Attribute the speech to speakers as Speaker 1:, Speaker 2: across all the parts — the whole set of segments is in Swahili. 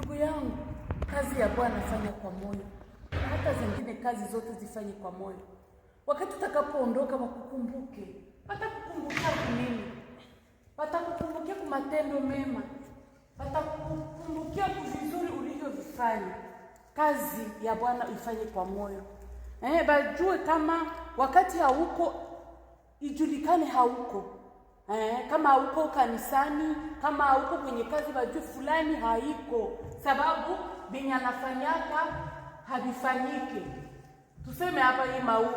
Speaker 1: Ndugu yangu, kazi ya Bwana fanya kwa moyo, na hata zingine kazi zote zifanye kwa moyo. Wakati utakapoondoka wakukumbuke, watakukumbukia kunini? Watakukumbukia kwa matendo mema, watakukumbukia kwa vizuri ulivyovifanya. Kazi ya Bwana ifanye kwa moyo, eh, bajue kama wakati hauko ijulikane hauko Eh, kama uko kanisani, kama uko kwenye kazi bajuu fulani haiko sababu venye anafanyaka havifanyike. Tuseme hapa hii maua,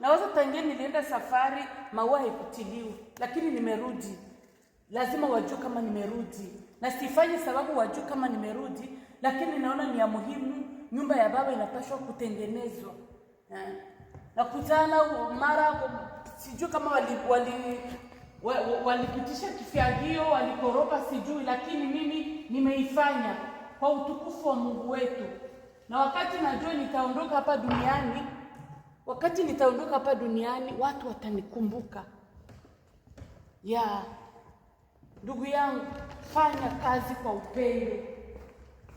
Speaker 1: naweza tangia nilienda safari, maua haikutiliwa, lakini nimerudi, lazima wajue kama nimerudi, na sifanye sababu wajue kama nimerudi, lakini naona ni ya muhimu. Nyumba ya baba inapaswa kutengenezwa eh. Nakutana mara sijui kama wali, wali walipitisha kifyagio, walikoroka sijui, lakini mimi nimeifanya kwa utukufu wa Mungu wetu. Na wakati najua nitaondoka hapa duniani, wakati nitaondoka hapa duniani watu watanikumbuka. Ya ndugu yangu, fanya kazi kwa upendo,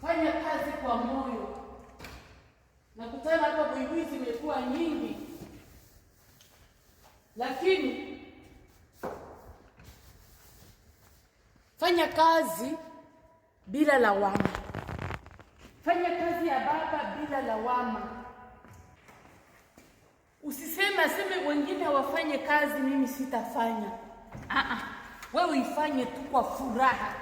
Speaker 1: fanya kazi kwa moyo. Nakutana hapa buibui zimekuwa nyingi, lakini Fanya kazi bila lawama, fanya kazi ya baba bila lawama. Usiseme aseme wengine wafanye kazi, mimi sitafanya. Ah, wewe ifanye tu kwa furaha,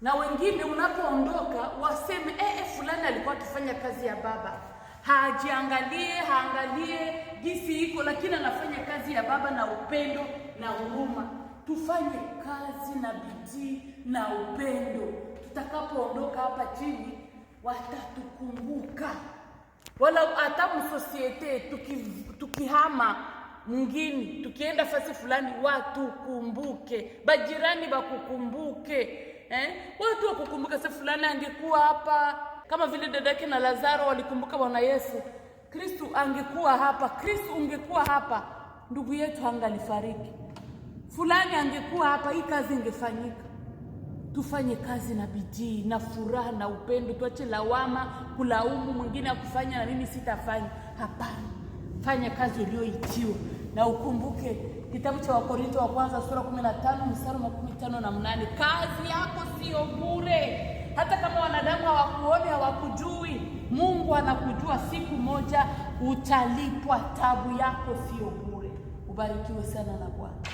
Speaker 1: na wengine unapoondoka waseme eh, eh, fulani alikuwa akifanya kazi ya baba, hajiangalie haangalie jinsi iko, lakini anafanya kazi ya baba na upendo na huruma tufanye kazi na bidii na upendo. Tutakapoondoka hapa chini, watatukumbuka wala hata msosiete tuki, tukihama mwingine tukienda fasi fulani, watukumbuke, bajirani wakukumbuke. Eh, watu wakukumbuka. Sasa fulani angekuwa hapa, kama vile dadake na Lazaro walikumbuka Bwana Yesu Kristu, angekuwa hapa Kristu, ungekuwa hapa, ndugu yetu angalifariki fulani angekuwa hapa, hii kazi ingefanyika. Tufanye kazi na bidii na furaha na upendo, tuache lawama, kulaumu mwingine akufanya na mimi sitafanya. Hapana, fanya kazi uliyoitiwa, na ukumbuke kitabu cha Wakorinto wa kwanza sura 15 mstari wa 15 na mnane, kazi yako sio bure. Hata kama wanadamu hawakuoni hawakujui, Mungu anakujua. Siku moja utalipwa, tabu yako sio bure. Ubarikiwe sana na Bwana.